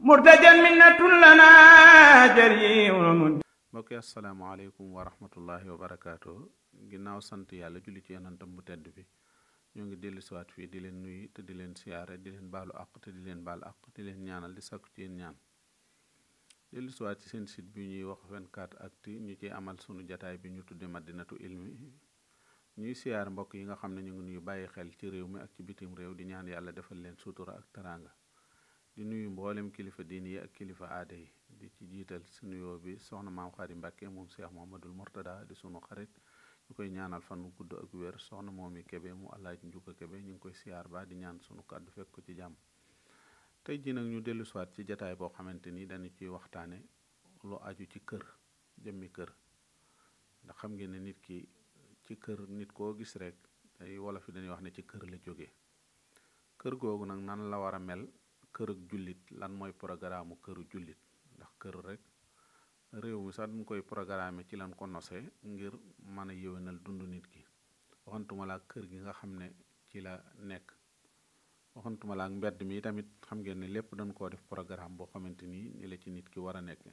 murtajan minnatun lana jariun mbokk yi asalaamaaleykum wa rahmatullahi wa barakaatu ginnaaw sant yàlla julli ci yonantam bu tedd bi ñoo ngi dellu siwaat fii di leen nuyu te di leen siyaare di leen baalu àq te di leen baal àq di leen ñaanal di sakku ci yéen ñaan dellu ci seen site bi ñuy wax 24 actu ñu ci amal sunu jataay bi ñu tudde madinatu ilmi ñuy siyaar mbokk yi nga xam ne ñu ngi nuyu bàyyi xel ci réew mi ak ci bitim réew di ñaan yàlla defal leen sutura ak di nuyu mboolem kilifa diin yi ak kilifa aada yi di ci jiital si nuyoo bi soxna maam Xaari Mbàkke moom Cheikh Mouhamadoul Mourtada di sunu xarit ñu koy ñaanal fan mu gudd ak wér soxna moomi Kebe mu Alaaji Njuga Kebe ñu ngi koy siyaar baa di ñaan sunu kàddu fekk ko ci jàmm tey ji nag ñu dellu siwaat ci jataay boo xamante ni dañu ciy waxtaane lu aju ci kër jëmmi kër ndax xam ngeen ne nit ki ci kër nit koo gis rek ay wolof yi dañuy wax ne ci kër la kër googu nag nan la war a mel kër ak jullit lan mooy programme këru jullit ndax kër rek réew mi sax duñ koy programme ci lan ko nose ngir mën a yéwénal dund nit ki waxantuma laa kër gi nga xam ne ci la nekk waxantuma laa mbedd mi tamit xam ngeen ne lépp dañ koo def programme boo xamante ni ni la ci nit ki war a nekk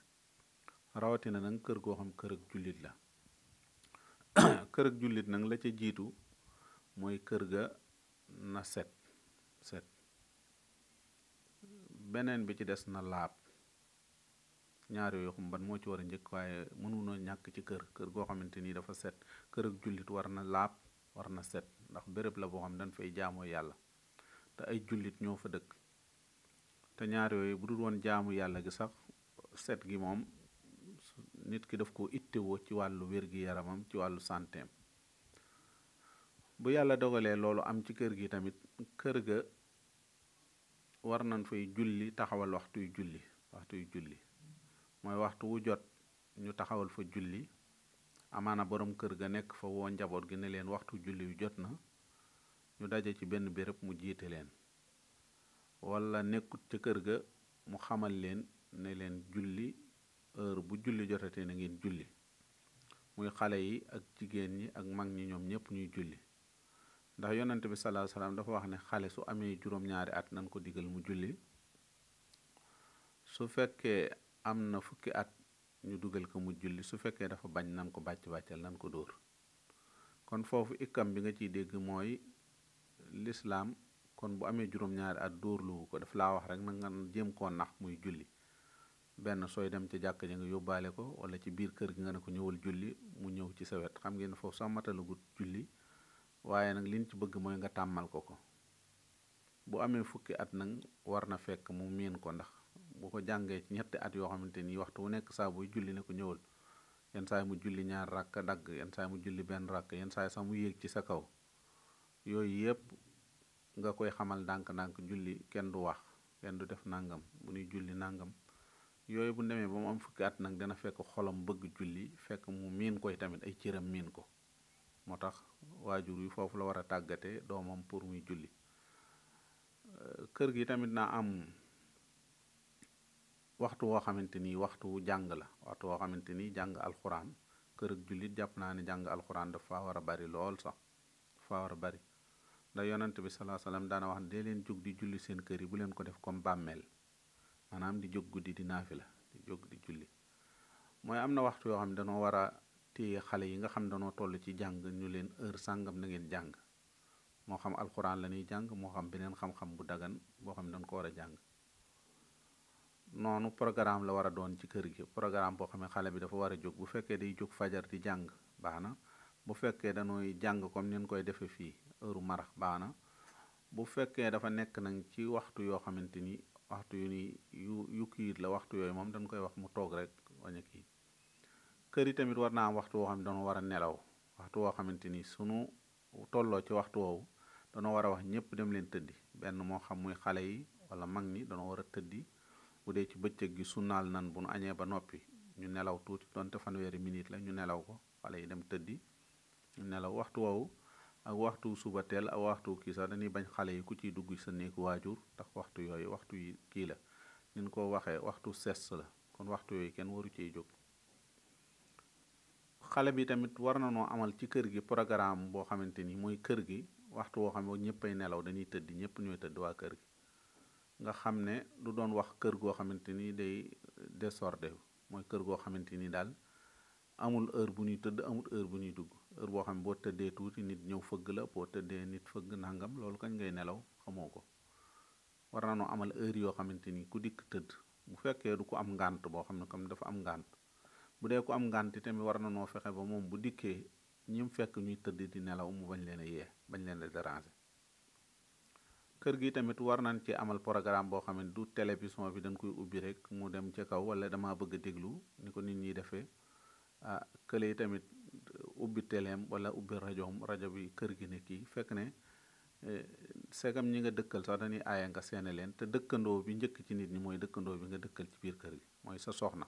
rawatina nag kër goo xam kër ak jullit la kër ak jullit nag la ca jiitu mooy kër ga na set set beneen bi ci des na laab ñaar yooyu xumban moo ci war a njëkk waaye mënunoo ñàkk ci kër kër goo xamante ni dafa set kër ak jullit war na laab war na set ndax bërëb la boo xam dañ fay jaamoo yàlla te ay jullit ñoo fa dëkk te ñaar yooyu bu dul woon jaamu yàlla gi sax set gi moom nit ki daf ko ittewoo ci wàllu wér-gi-yaramam ci wàllu santeem bu yàlla dogalee loolu am ci kër gi tamit kër ga war nañ fay julli taxawal waxtuy julli waxtuy julli mooy waxtu wu jot ñu taxawal fa julli amaana boroom kër ga nekk fa woo njaboot gi ne leen waxtu julli yu jot na ñu daje ci benn béréb mu jiite leen wala nekkut ca kër ga mu xamal leen ne leen julli heure bu julli jotatee na ngeen julli muy xale yi ak jigéen ñi ak mag ñi ñoom ñépp ñuy julli ndax yonante bi sallallahu alayhi wasallam dafa wax ne xale su amee juróom-ñaari at nañ ko digal mu julli su fekkee am na fukki at ñu dugal ko mu julli su fekkee dafa bañ nan ko bàcc bàccal nan ko dóor kon foofu ikam bi nga ciy dégg mooy lislaam kon bu amee juróom-ñaari at dóorluwu ko daf laa wax rek na nga jéem koo nax muy julli benn sooy dem ci jàkk ja nga yóbbaale ko wala ci biir kër gi nga ne ko ñëwal julli mu ñëw ci sa xam ngeen foofu sax matalagut julli waaye nag liñ ci bëgg mooy nga tàmmal ko ko bu amee fukki at nag war na fekk mu miin ko ndax bu ko jàngee ci ñetti at yoo xamante ni waxtu nekk saa julli ne ko ñëwal yenn mu julli ñaar rakk dagg yenn saay mu julli benn rakk yenn saay sax mu yéeg ci sa kaw yooyu yépp nga koy xamal ndànk-ndànk julli kenn du wax kenn du def nangam bu nuy julli nangam yooyu bu demee ba mu am fukki at nag dana fekk xolom bëgg julli fekk mu miin koy tamit ay cëram miin ko moo tax waajur wi foofu la war a tàggate doomam pour muy julli euh, kër gi tamit na am waxtu woo xamante ni waxtu jàng la waxtu woo xamante ni jàng alxuraan kër ak jullit jàpp naa ne jàng alxuraan dafa war a bari lool sax dafa war a bari ndax yonent bi salaa salaam daana wax dee leen jóg di julli seen kër yi bu leen ko def comme bàmmeel manaam di jóg guddi di naafi la di jóg di julli mooy am na waxtu yoo xam ne dañoo téye xale yi nga xam danoo toll ci jàng ñu leen heure sàngam na ngeen jàng moo xam alxuraan la ñuy jàng moo xam beneen xam-xam bu dagan boo xam ne dañ ko war a jàng noonu programme la war a doon ci kër gi programme boo xam ne xale bi dafa war a jóg bu fekkee day jóg fajar di jàng baana bu fekkee danooy jàng comme ni koy defee fii heure marax baax na bu fekkee dafa nekk nag ci waxtu yoo xamante ni waxtu yu ni yu yu kiit la waxtu yooyu moom dañ koy wax mu toog rek wañ kër yi tamit war naa am waxtu woo xam ne dañoo war a nelaw waxtu woo xamante ni sunu tolloo ci waxtu woowu dañoo war a wax ñëpp dem leen tëddi benn moo xam muy xale yi wala mag ñi dañoo war a tëddi bu dee ci bëccëg gi su naal nan bu nu añee ba noppi ñu nelaw tuuti donte fanweeri minute la ñu nelaw ko xale yi dem tëddi ñu nelaw waxtu woowu ak waxtu suba teel ak waxtu kii sax dañuy bañ xale yi ku ciy dugg sa néegu waajur ndax waxtu yooyu waxtu yi kii la nin ko waxee waxtu ses la kon waxtu yooyu kenn waru ciy jóg xale bi tamit war na noo amal ci kër gi programme boo xamante ni mooy kër gi waxtu woo xam ne ñëppay nelaw dañuy tëdd ñëpp ñooy tëdd waa kër gi nga xam ne du doon wax kër goo xamante ni day désordre mooy kër goo xamante ni daal amul heure bu ñuy tëdd amul heure bu ñuy dugg heure boo xam ne boo tëddee tuuti nit ñëw fëgg la boo tëddee nit fëgg nangam loolu kañ ngay nelaw xamoo ko war na noo amal heure yoo xamante ni ku dikk tëdd bu fekkee du ko am ngànt boo xam ne comme dafa am ngànt bu dee ko am ngànti tamit war na noo fexe ba moom bu dikkee ñi mu fekk ñuy tëdd di nelaw mu bañ leen a yee bañ leen a déranger kër gi tamit war nañ ci amal programme boo xam ne du télévision bi dañ koy ubbi rek mu dem ca kaw wala dama bëgg a déglu ni ko nit ñi defee ah kële yi tamit ubbi teleem wala ubbi rajoom rajo bi kër gi ne kii fekk ne eh, segam ñi nga dëkkal sax dañuy aaya nga seene leen te dëkkandoo bi njëkk ci nit ñi mooy dëkkandoo bi nga dëkkal ci biir kër gi mooy sa soxna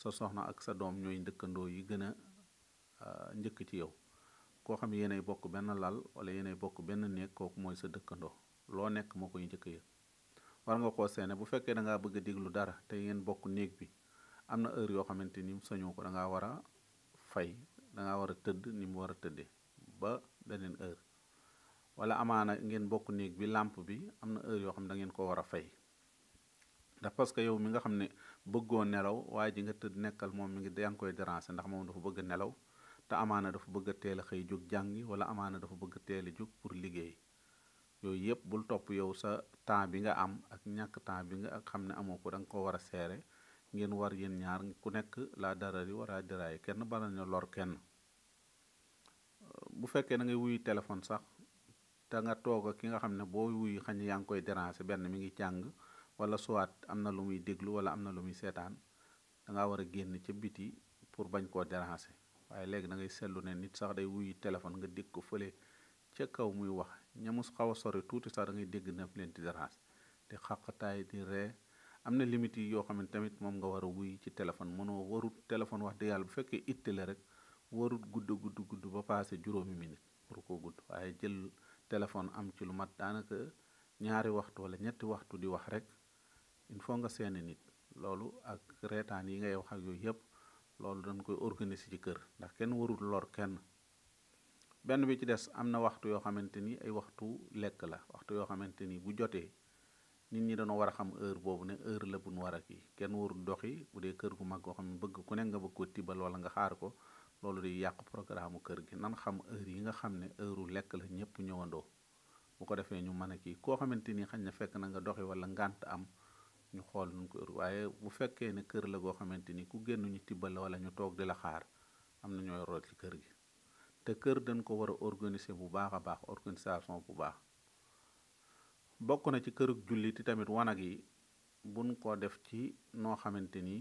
sa soxna ak sa doom ñooy dëkkandoo yi gën a njëkk ci yow koo xam yéenay bokk benn lal wala yéenay bokk benn néeg kooku mooy sa dëkkandoo loo nekk moo koy njëkk yëg war nga koo seene bu fekkee da ngaa bëgg a déglu dara te ngeen bokk néeg bi am na heure yoo xamante ni sañoo ko da ngaa war a fay da war a tëdd ni mu war a tëddee ba beneen heure wala amaana ngeen bokk néeg bi làmp bi am na heure yoo xam da ngeen ko war a fay ndax parce que yow mi nga xam ne bëggoo nelaw waaye ji nga tëdd nekkal moom mi ngi yaa ngi koy déranger ndax moom dafa bëgg nelaw te amaana dafa bëgg a teel a xëy jóg jàngi wala amaana dafa bëgg a teel a jóg pour liggéey yooyu yëpp bul topp yow sa temps bi nga am ak ñàkk temps bi nga ak xam ne amoo ko da nga ko war a seere ngeen war yéen ñaar ku nekk laa dara yi war a diraay kenn bala ñu lor kenn bu fekkee na ngay wuyu téléphone sax te nga toog ki nga xam ne boo wuyu xañ yaa ngi koy déranger benn mi ngi jàng wala soit am na lu muy déglu wala am na lu muy seetaan danga war a génn ca biti pour bañ koo déranger waaye léegi da ngay seetlu ne nit sax day wuyu téléphone nga dégg ko fële ca kaw muy wax ñamus xaw a sori tuuti sax da ngay dégg na leen di déranger di xàqataay di ree am na limites yi yoo xam ne tamit moom nga war a wuyu ci téléphone mënoo warut téléphone wax dëgg bu fekkee itte la rek warut gudd gudd gudd ba passé juróomi minute pour koo gudd waaye jël téléphone am ci lu mat daanaka ñaari waxtu wala ñetti waxtu di wax rek il faut nga seeni nit loolu ak reetaan yi ngay wax ak yooyu yëpp loolu dañ koy organiser ci kër ndax kenn warul lor kenn benn bi ci des am na waxtu yoo xamante ni ay waxtu lekk la waxtu yoo xamante ni bu jotee nit ñi dañoo war a xam heure boobu ne heure la bu nu a kii kenn warul doxi bu dee kër gu mag goo xam ne bëgg ku ne nga bëgg ko tibal wala nga xaar ko loolu day yàq programme kër gi nan xam heure yi nga xam ne heure lekk la ñëpp ñëwandoo bu ko defee ñu mën a kii koo xamante ni xañ na fekk na nga doxi wala ngànt am ñu xool nu ko ër waaye bu fekkee ne kër la goo xamante ni ku génn ñu tibbal wala ñu toog di la xaar am na ñooy root ci kër gi te kër dañ ko war a organiser bu baax a baax organisation bu baax bokk na ci kërug jullit yi tamit wanag yi buñ ko def ci noo xamante ni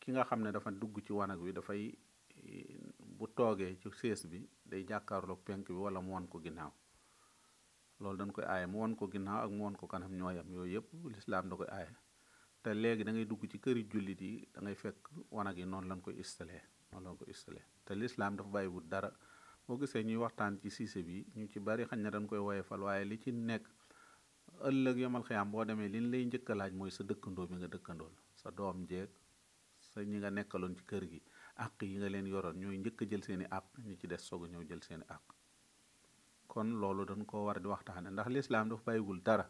ki nga xam ne dafa dugg ci wanag wi dafay bu toogee ci sées bi day jàkkaarloog penk bi wala mu won ko ginnaaw loolu dan koy aaye mu won ko ginnaaw ak mu won ko kanam ñooyam yooyu yëpp lislaam da koy te léegi da ngay dugg ci këri jullit yi dangay fekk wanag yi noonu lañ ko installé noonu lañ koy installé te lislaam dafa bàyyiwut dara boo gisee ñuy waxtaan ci siise bi ñu ci bari xañ na dañ koy woyefal waaye li ci nekk ëllëg yomal xiyaam boo demee liñ lay njëkk a laaj mooy sa dëkkandoo bi nga dëkkandool sa doom jeeg sa ñi nga nekkaloon ci kër gi àq yi nga leen yoroon ñooy njëkk a jël seeni àq ñu ci des soog a ñëw jël seeni àq kon loolu dañ ko war di waxtaane ndax lislaam dafa bàyyiwul dara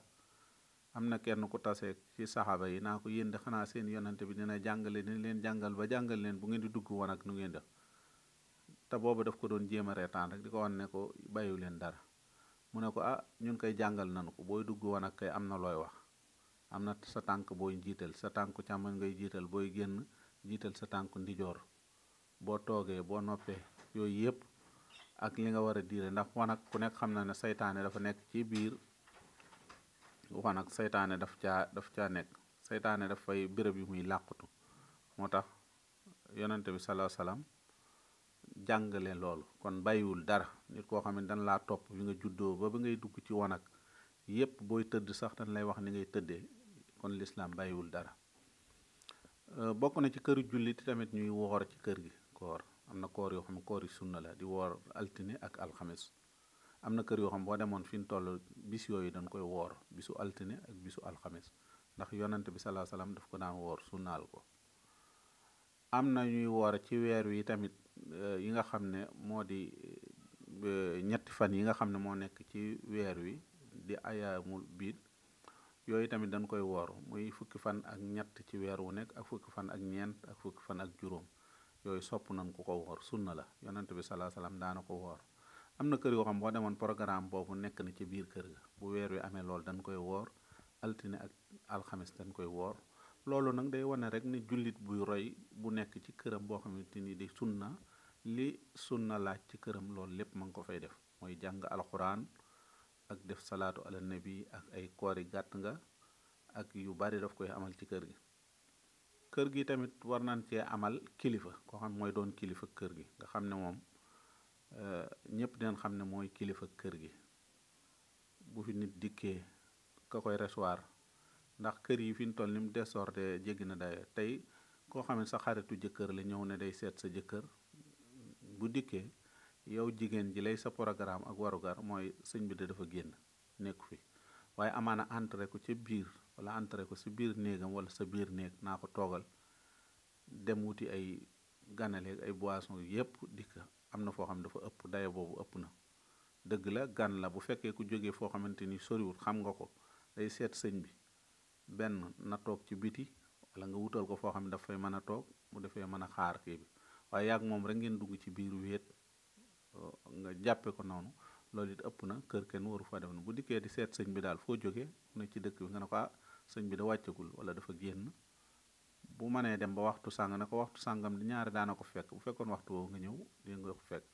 am na kenn ku tasee ci saxaaba yi naa ko yéen de xanaa seen yonante bi dina jàngale dina leen jàngal ba jàngal leen bu ngeen di dugg woon ak nu ngeen def boobu daf ko doon jéem a reetaan rek di ko wan ne ko bàyyiwu leen dara mu ne ko ah ñun koy jàngal nanu ko booy dugg woon ak kay am na looy wax am na sa tànk booy njiital sa tànku càmmoñ ngay jiital booy génn njiital sa tànku ndijoor boo toogee boo noppee yooyu yépp ak li nga war a diire ndax wanak ku nekk xam na ne seytaane dafa nekk ci biir su nag seytaane daf caa daf caa nekk seytaane daf fay béréb yu muy làqutu moo tax yonante bi salaa salaam jàngale loolu kon bàyyiwul dara nit koo xam ne dañ laa topp bi nga juddoo ba ba ngay dugg ci wanag yépp booy tëdd sax dañ lay wax ni ngay tëddee kon lislaam bàyyiwul dara euh, bokk na ci kër jullit tamit ñuy woor ci kër gi koor am na koor yoo xam koor yi sunna la di woor altine ak alxames am na kër yoo xam boo demoon fi ñu toll bis yooyu dañ koy woor bisu altine ak bisu alxames ndax yonante bi salaa salaam daf ko daan woor sunnaal ko am na ñuy woor ci weer wi tamit euh, yi nga xam ne moo di euh, ñetti fan yi nga xam ne moo nekk ci weer wi di ayaamul biid yooyu tamit dañ koy woor muy fukki fan ak ñett ci weer wu nekk ak fukki fan ak ñeent fukki fan ak juróom yooyu sopp nañ ko ko woor sunna la yonante bi salaa salaam daana ko woor am na kër yoo xam boo demoon programme boobu nekk na ci biir kër ga bu weer wi amee loolu dañ koy woor altine ak alxames dañ koy woor loolu nag day wane rek ne jullit buy roy bu nekk ci këram boo xamante ni di sunna li sunna laaj ci këram loolu lépp ma ngi ko fay def mooy jàng alxuraan ak def salaatu ala nabi ak ay koori gàtt nga ak yu bari daf koy amal ci kër gi kër gi tamit war nañ cee amal kilifa koo xam mooy doon kilifa kër gi nga xam ne moom Euh, ñëpp dinañ xam ne mooy kilifa kër gi bu fi nit dikkee ka koy recevoir ndax kër yi fi ñu toll ni mu désordre jéggi na dayo tey koo xam ne sa xaritu jëkkër la ñëw ne day seet sa jëkkër bu dikkee yow jigéen ji lay sa programme ak warugar mooy sëñ bi de dafa génn nekku fi waaye amaana entré ko ca biir wala entré ko si biir néegam wala sa biir néeg naa ko toogal dem wuti ay ganaleeg ay boisson yépp dikka am na foo xam ne dafa ëpp dayo boobu ëpp na dëgg la gan la bu fekkee ku jógee foo xamante ni soriwul xam nga ko day seet sëñ bi benn na toog ci biti wala nga wutal ko foo xam ne daf fay mën a toog mu defee mën a xaar kii bi waaye yaag moom rek ngeen dugg ci biir wéet euh, nga jàppe ko noonu loolu it ëpp na kër kenn waru fa dem na bu dikkee di seet sëñ bi daal foo jógee mu ne ci dëkk bi nga ne ko ah sëñ bi da wàccagul wala dafa génn bu mënee dem ba waxtu sàng na ko waxtu sàngam di ñaari daana ko fekk bu fekkoon waxtu woo nga ñëw di nga ko fekk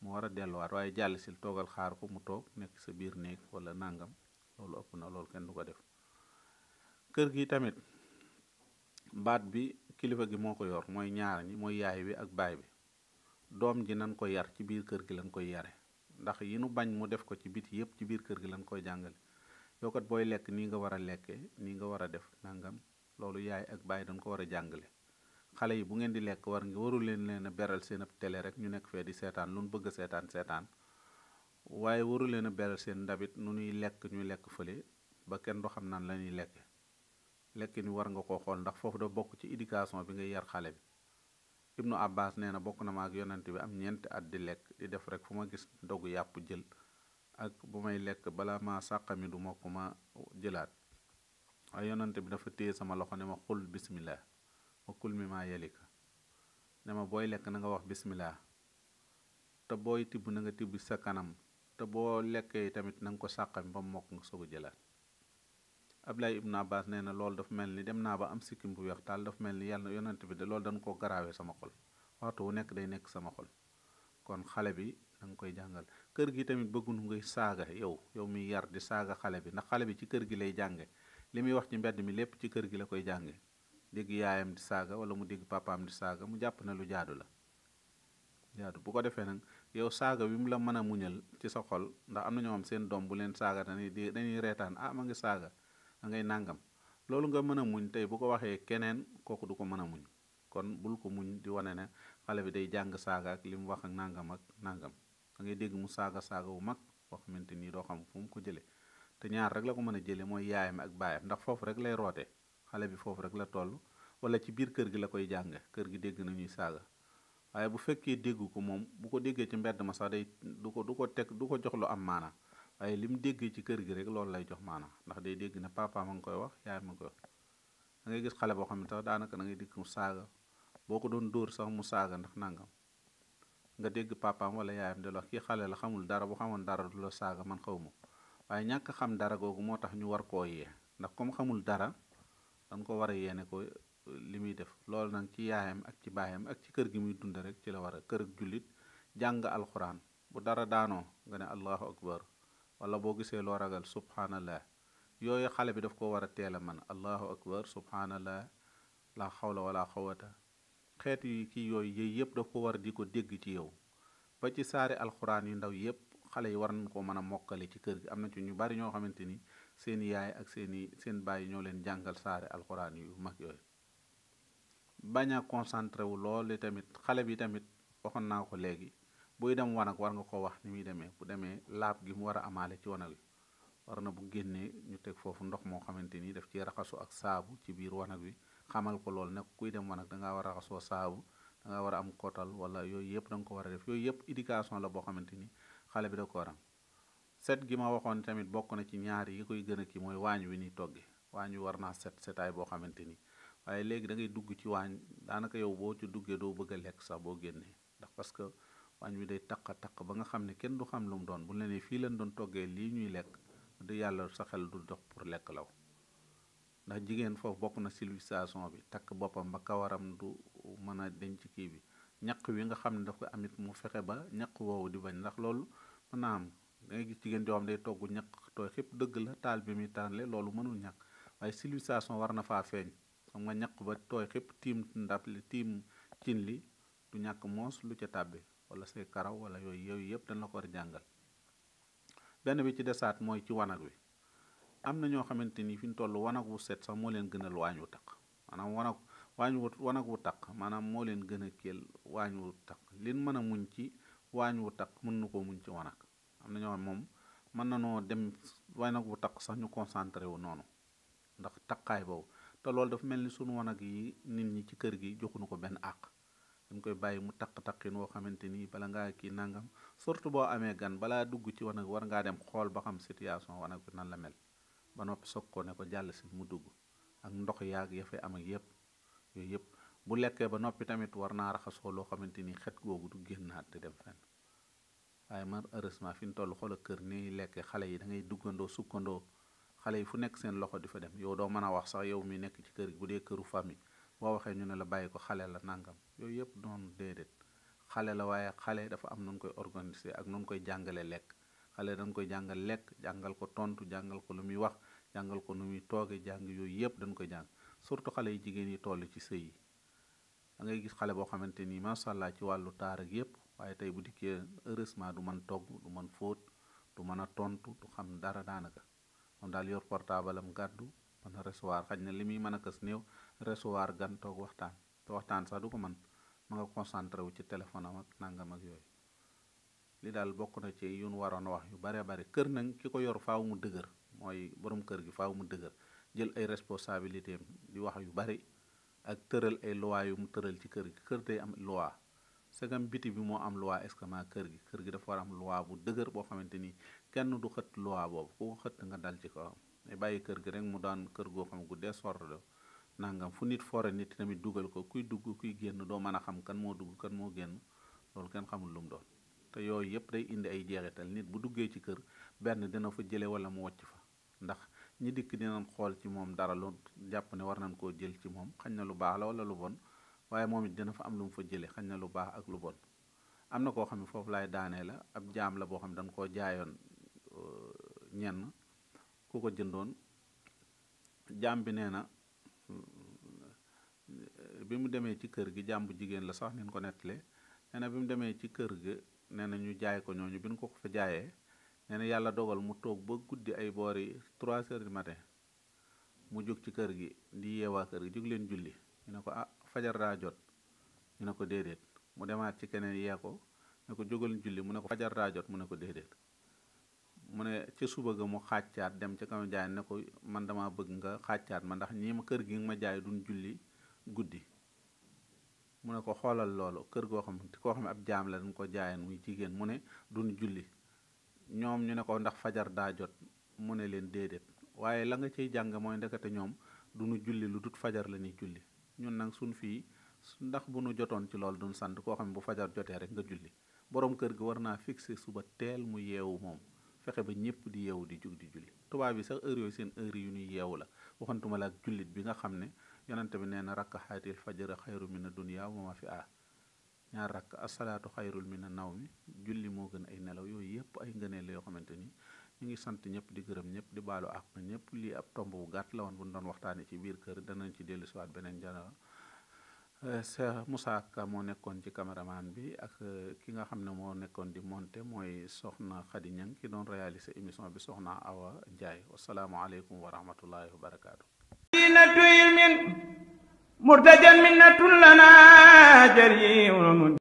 mu war a delluwaat waaye jàll sil toogal xaar ko mu toog nekk sa biir néeg wala nàngam loolu ëpp na loolu kenn du ko def kër gi tamit baat bi kilifa gi moo ko yor mooy ñaar ñi mooy yaay bi ak baay bi doom ji nañ ko yar ci biir kër gi lañ koy yare ndax yi nu bañ mu def ko ci biti yépp ci biir kër gi lañ koy jàngale yow kat booy lekk nii nga war a lekkee nii nga war a def nàngam loolu yaay ak baay dañ ko war a jàngale xale yi bu ngeen di lekk war nga warul leen leen a beral seen ab télé rek ñu nekk fee di seetaan lu nu bëgg seetaan seetaan waaye waru leen a beral seen ndabit nu ñuy lekk ñu lekk fële ba kenn du xam naan la ñuy lekk lekk ni war nga ko xool ndax foofu da bokk ci éducation bi ngay yar xale bi Ibnu Abbas nee na bokk na ma ak yonent bi am ñeenti at di lekk di def rek fu ma gis dogu yàpp jël ak bu may lekk bala ma sàqami du mokk ma jëlaat waaye yonante bi dafa téye sama loxo ne ma xul bismillah wa kul mi maa yelika ne ma booy lekk na nga wax bismillah te booy tibb na nga tibb sa kanam te boo lekkee tamit na nga ko sàqami ba mokk nga soog a jëlaat Ablaye Ibn Abbas nee na loolu dafa mel ni dem naa ba am sikkim bu weex taal dafa mel ni yàlla yonante bi de loolu dañ koo garaawee sama xol waxtu wu nekk day nekk sama xol kon xale bi da nga koy jàngal kër gi tamit bëgguñu ngay saaga yow yow miy yar di saaga xale bi ndax xale bi ci kër gi lay jànge li muy wax ci mbedd mi lépp ci kër gi la koy jànge dégg yaayam di saaga wala mu dégg pàppaam di saaga mu jàpp na lu jaadu la jaadu bu ko defee nag yow saaga bi mu la mën a muñal ci sa xol ndax am na ñoo am seen doom bu leen saaga dañuy dañuy reetaan ah ma ngi saaga a ngay nàngam loolu nga mën a muñ tey bu ko waxee keneen kooku du ko mën a muñ kon bul ko muñ di wane ne xale bi day jàng saaga ak li mu wax ak nàngam ak nàngam a ngay dégg mu saaga saaga wu mag boo xamante nii doo xam fu mu ko jëlee te ñaar rek la ko mën a jëlee mooy yaayam ak baayam ndax foofu rek lay roote xale bi foofu rek la toll wala ci biir kër gi la koy jànge kër gi dégg na ñuy saaga waaye bu fekkee dégg ko moom bu ko déggee ci mbedd ma sax day du ko du ko teg du ko jox lu am maana waaye li mu déggee ci kër gi rek loolu lay jox maana ndax day dégg na papa ma ngi koy wax yaay ma ngi koy ngay gis xale boo xam ne sax daanaka da ngay dégg mu saaga boo ko doon dóor sax mu saaga ndax nangam nga dégg papaam wala yaayam di la wax kii xale la xamul dara bu xamoon dara du la saaga man xaw ma waaye ñàkk xam dara googu moo tax ñu war koo yee ndax comme xamul dara dañ ko war a yéene ko li muy def loolu nag ci yaayam ak ci baayam ak ci kër gi muy dund rek ci la war a kër ak jullit jàng alxuraan bu dara daanoo nga ne allahu akbar wala boo gisee loo ragal subhanallah yooyu xale bi daf ko war a teel a man allahu akbar subhanallah la xaw xawla wala xawata xeet yi kii yooyu yëyu yëpp daf ko war a di ko dégg ci yow ba ci saari alxuraan yu ndaw yëpp xale yi war nañ koo mën a mokkale ci kër gi am na ci ñu bari ñoo xamante ni seen yaay ak seen i seen baay ñoo leen jàngal saare alxuraan yu mag yooyu bañ a concentré wu loolu tamit xale bi tamit waxoon naa ko léegi buy dem wanag war nga ko wax ni muy demee bu demee laab gi mu war a amaale ci wanag wi war na bu génnee ñu teg foofu ndox moo xamante ni daf ci raxasu ak saabu ci biir wanag wi xamal ko loolu ne kuy dem wanag dangaa war a raxasoo saabu dangaa war a am kotal wala yooyu yëpp danga ko war a def yooyu yëpp éducation la boo xamante ni xale bi da ko waram set gi ma waxoon tamit bokk na ci ñaar yi koy gën a kii mooy waañ wi ni togge waañ wi war naa set setaay boo xamante ni waaye léegi da ngay dugg ci waañ daanaka yow boo ci duggee doo bëgg a lekk sax boo génnee ndax parce que waañ wi day taq taq ba nga xam ne kenn du xam lu doon bu la fii leen doon toggee lii ñuy lekk de yàlla sa xel du dox pour lekk law ndax jigéen foofu bokk na civilisation bi takk boppam ba kawaram du mën a denc kii bi ñaq wi nga xam ne daf ko amit mu fexe ba ñaq woowu di bañ ndax loolu mën naa am da ngay gis jigéen joo xam day togg ñaq tooy xëpp dëgg la taal bi muy tànle loolu mënul ñàkk waaye civilisation war na faa feeñ xam nga ñaq ba tooy xëpp tiim ndab li tiim cin li du ñàkk moos lu ca tàbbi wala say karaw wala yooyu yooyu yëpp dañ la ko war jàngal benn bi ci desaat mooy ci wanag wi am na ñoo xamante ni fi ñu toll wanag wu set sax moo leen gënal waañ wu taq maanaam wanag waañ wu wanag wu taq maanaam moo leen gën a kéel waañ wu taq lin mën a muñ ci waañ wu taq mën na ko muñ ci wanag am na ñoo moom mën na noo dem wanag wu taq sax ñu concentré wu noonu ndax taqaay boobu te loolu dafa mel ni sunu wanag yi nit ñi ci kër gi joxuñu ko benn àq dañ koy bàyyi mu taq taqin woo xamante ni bala ngaa kii nangam surtout boo amee gan balaa dugg ci wanag war ngaa dem xool ba xam situation wanag bi nan la mel ba noppi soog ko ne ko jàll si mu dugg ak ndox yaag ya am ak yépp yooyu yëpp bu lekkee ba noppi tamit war naa raxasoo loo xamante ni xet googu du génnaat te dem fenn waaye man heureusement fi ñu toll xoola kër ni lekkee xale yi dangay duggandoo sukkandoo xale yi fu nekk seen loxo di fa dem yow doo mën a wax sax yow mi nekk ci kër gi bu dee këru famille boo waxee ñu ne la bàyyi ko xale la nangam yooyu yëpp noonu déedéet xale la waaye xale dafa am nu koy organiser ak nu koy jàngale lekk xale dañ koy jàngal lekk jàngal ko tontu jàngal ko lu muy wax jàngal ko nu muy tooge jàng yooyu yëpp dañ koy jàng surtout xale yi jigéen yi toll ci sëy yi da ngay gis xale boo xamante nii macha ci wàllu taar ak yépp waaye tey bu dikkee heureusement du man togg du mën fóot du mën a tontu du xam dara daanaka moom daal yor portable am gàddu mën a recevoir xaj na li muy mën a kës néew recevoir gan toog waxtaan te waxtaan sax du ko man ma nga concentré wu ci téléphone am ak nangam ak yooyu li daal bokk na ci yu nu waroon wax yu bare bare kër nag ki ko yor faaw mu dëgër mooy borom kër gi faaw mu dëgër jël ay responsabilité am di wax yu bari ak tëral ay loi yu mu tëral ci kër gi kër day am loi segam biti bi moo am loi est-ce que kër gi kër gi dafa war am loi bu dëgër boo xamante ni kenn du xët loi boobu ku ko xët nga dal ci kawam mais bàyyi kër gi rek mu daan kër goo xam gu désordre nangam fu nit fore nit tamit dugal ko kuy dugg kuy génn doo mën a xam kan moo dugg kan moo génn loolu kenn xamul lu doon te yooyu yëpp day indi ay jeexital nit bu duggee ci kër benn dina fa jële wala mu wàcc fa ndax ñi dikk dinañ xool ci moom dara lu jàpp ne war nañ koo jël ci moom xañ na lu baax la wala lu bon waaye moom it dina fa am lu mu fa jëlee xañ na lu baax ak lu bon am na koo xam ne foofu laay daanee la ab jaam la boo xam ne koo jaayoon euh, ñenn ku ko jëndoon jaam bi nee na euh, bi mu demee ci kër gi jaam bu jigéen la sax nin ko nettalee nee bi mu demee ci kër gi nee na ñu jaay ko ñooñu bi ñu ko ko fa jaayee nee na yàlla dogal mu toog ba guddi ay boor trois heures du matin mu jóg ci kër gi di yeewaa kër gi jóg leen julli ñu ne ko ah fajardaa jot ñu ne ko déedéet mu demaat ci keneen yee ko ne ko jógal julli mu ne ko fajar daa jot mu ne ko déedéet mu ne ca suba ga mu xàccaat dem ca kam jaay ne ko man dama bëgg nga xàccaat ma ndax ñii ma kër gi ma jaay duñ julli guddi mu ne ko xoolal loolu kër goo xam koo xam ne ab jaam la dañ ko jaayan muy jigéen mu ne duñ julli ñoom ñu ne ko ndax fajar daa jot mu ne leen déedéet waaye la nga ciy jàng mooy ndekete ñoom du ñu julli lu dut fajar la ñuy julli ñun nag suñ fii ndax bu nu jotoon ci lool duñ sant koo xam ne bu fajar jotee rek nga julli borom kër gi war naa fixé suba teel mu yeewu moom fexe ba ñëpp di yeewu di jug julli tubaab yi sax heure yooyu seen heure yu nuy yeewu la waxantuma la ak jullit bi nga xam ne yonente bi nee na rakkaxaatil fajara xayru mina dunya wa ma fi ah ñaar rakk asalaatu xayrul na naw mi julli moo gën ay nelaw yooyu yëpp ay ngëneel la yoo xamante ni ñu ngi sant ñëpp di gërëm ñëpp di baalu àq ñëpp lii ab tomb bu gàtt la woon bu ñu doon waxtaanee ci biir kër danañ ci dellu siwaat beneen jana euh, Cheikh moo nekkoon ci caméraman bi ak euh, ki nga xam ne moo nekkoon di monter mooy soxna Khady Niang ki doon réaliser émission bi soxna Awa Ndiaye wasalaamualeykum wa rahmatullahi wa barakaatu. murtajan minnatun lana jariun